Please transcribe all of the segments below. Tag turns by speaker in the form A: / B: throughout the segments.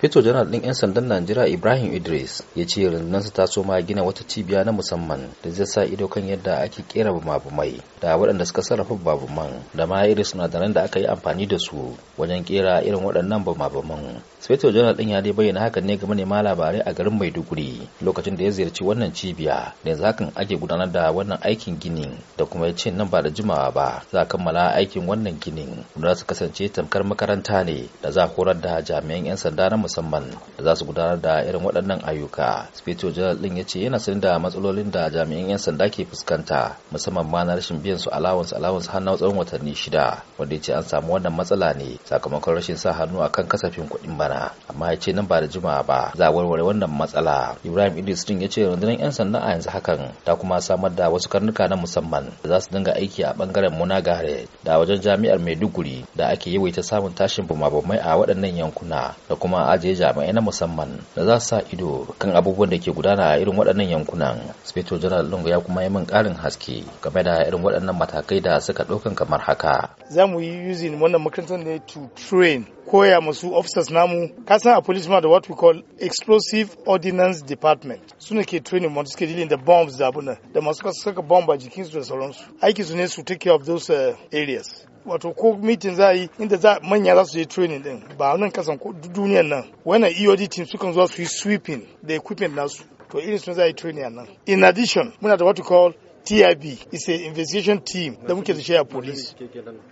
A: fito janar ɗin 'yan sandan najeriya ibrahim idris ya ce rundunarsa ta soma gina wata cibiya na musamman da zai sa ido kan yadda ake kera bumabumai da waɗanda suka sarrafa babuman da ma irin sinadaran da aka yi amfani da su wajen kera irin waɗannan bumabuman to Janar ɗin ya dai bayyana hakan ne ga manema labarai a garin Maiduguri lokacin da ya ziyarci wannan cibiya da yanzu hakan ake gudanar da wannan aikin ginin da kuma ya ce nan ba da jimawa ba za a kammala aikin wannan ginin da za su kasance tamkar makaranta ne da za a horar da jami'an 'yan sanda na musamman da za su gudanar da irin waɗannan ayyuka. sfeto Janar ɗin ya ce yana sanin da matsalolin da jami'an 'yan sanda ke fuskanta musamman ma na rashin biyan su allowance allowance har na tsawon watanni shida wanda ya ce an samu wannan matsala ne sakamakon rashin sa hannu akan kasafin kuɗin bara. rana amma ya ce nan ba da jimawa ba za a warware wannan matsala ibrahim idris din ya ce rundunar yan sanda a yanzu hakan ta kuma samar da wasu karnuka na musamman da za su dinga aiki a bangaren munagare da wajen jami'ar maiduguri da ake yawaita samun tashin bumabumai a waɗannan yankuna da kuma ajiye jami'ai na musamman da za su sa ido kan abubuwan da ke gudana a irin waɗannan yankunan speto general lungu ya kuma yi min ƙarin haske game da irin waɗannan matakai da suka ɗaukan kamar haka
B: za mu yi using wannan makarantar ne to train koya musu officers namu kasan a police ma da what we call explosive ordinance department suna ke training wanda suke dealing da bombs da abunan da masu saka bomb a su da sauransu aiki su ne su take care of those uh, areas wato ko mitin za yi inda za manya za su je training din ba nan kasan ko duniyan nan wannan EOD team sukan zuwa su yi sweeping da equipment nasu to irin sun za yi training nan in addition muna da what we call TIB is a investigation team da muke da shi police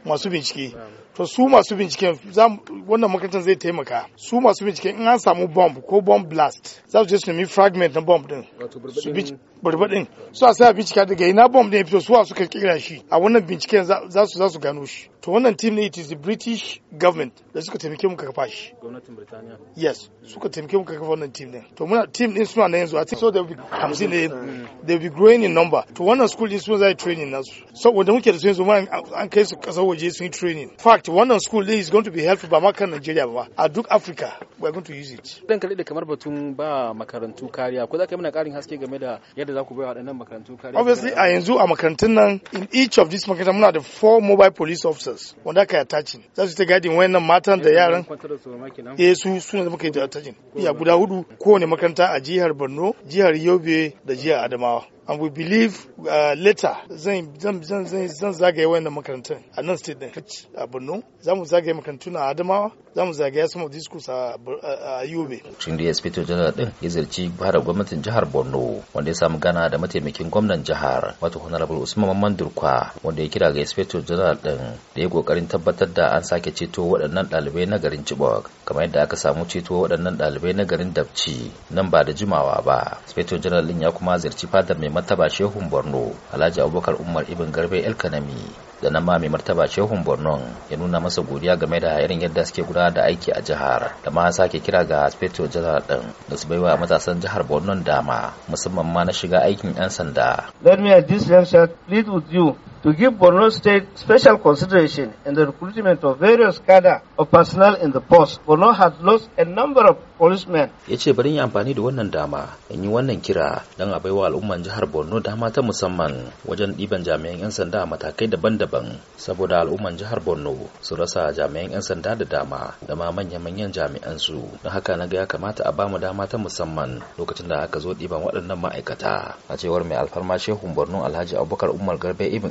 B: masu bincike to su masu binciken wannan makarantar zai taimaka su masu binciken in an samu bomb ko bomb blast za su je su nemi fragment na bomb din su barbadin su a sai a bincika daga ina bomb din ya fito su a suka kira shi a wannan binciken za su za su gano shi to wannan team ne it is the british government da suka taimake mu kafa shi
A: gwamnatin Birtaniya
B: yes suka taimake mu kafa wannan team din to muna team din suna na yanzu a think so they will be 50 they will be growing in number to wannan school din sun zai training nasu saboda muke da su yanzu an kai su kasar waje sun yi training fact wannan school din is going to be helpful ba ma kan Nigeria ba a duk Africa
A: we are going to use it dan da kamar batun ba makarantu kariya ko za ka yi mana karin haske game da yadda za ku bai waɗannan makarantu kariya obviously a
B: yanzu a makarantun nan in each of these makarantar muna da four mobile police officers wanda aka attaching za su ta gadin wayannan matan da yaran eh su su ne muka yi attaching iya guda hudu kowane makaranta a jihar Borno jihar Yobe da jihar Adamawa and we believe uh, later zan zagaye wayannan makarantar a nan state din a Borno za mu zagaye makarantun a Adamawa za mu zagaye some of these schools a yume
A: tun da inspector din ya zarci fara gwamnatin jihar borno wanda ya samu gana da mataimakin gwamnan jihar wato honorable usman mamman wanda ya kira ga inspector general din da ya kokarin tabbatar da an sake ceto waɗannan ɗalibai na garin chibok kamar yadda aka samu ceto waɗannan ɗalibai na garin dabci nan ba da jimawa ba inspector general din ya kuma zarci fadar mai mataba shehun borno alhaji abubakar umar ibn garbe el kanami da nan ma mai martaba shehun borno ya nuna masa godiya game da irin yadda suke gudanar da aiki a jihar da ma sake kira ga aspeto jihar din da su baiwa matasan jihar borno dama musamman ma na shiga aikin yan sanda let me at this juncture plead with you to give Borno State special consideration in the recruitment of various cadre of personnel in the post. Borno has lost a number of policemen. Ya ce bari yi amfani da wannan dama in yi wannan kira don a baiwa al'umman jihar Borno dama ta musamman wajen ɗiban jami'an 'yan sanda a matakai daban-daban saboda al'umman jihar Borno su rasa jami'an 'yan sanda da dama da ma manya-manyan jami'an su. Don haka na ga ya kamata a bamu dama ta musamman lokacin da aka zo ɗiban waɗannan ma'aikata. A cewar mai alfarma Shehun Borno Alhaji Abubakar Umar Garbe Ibn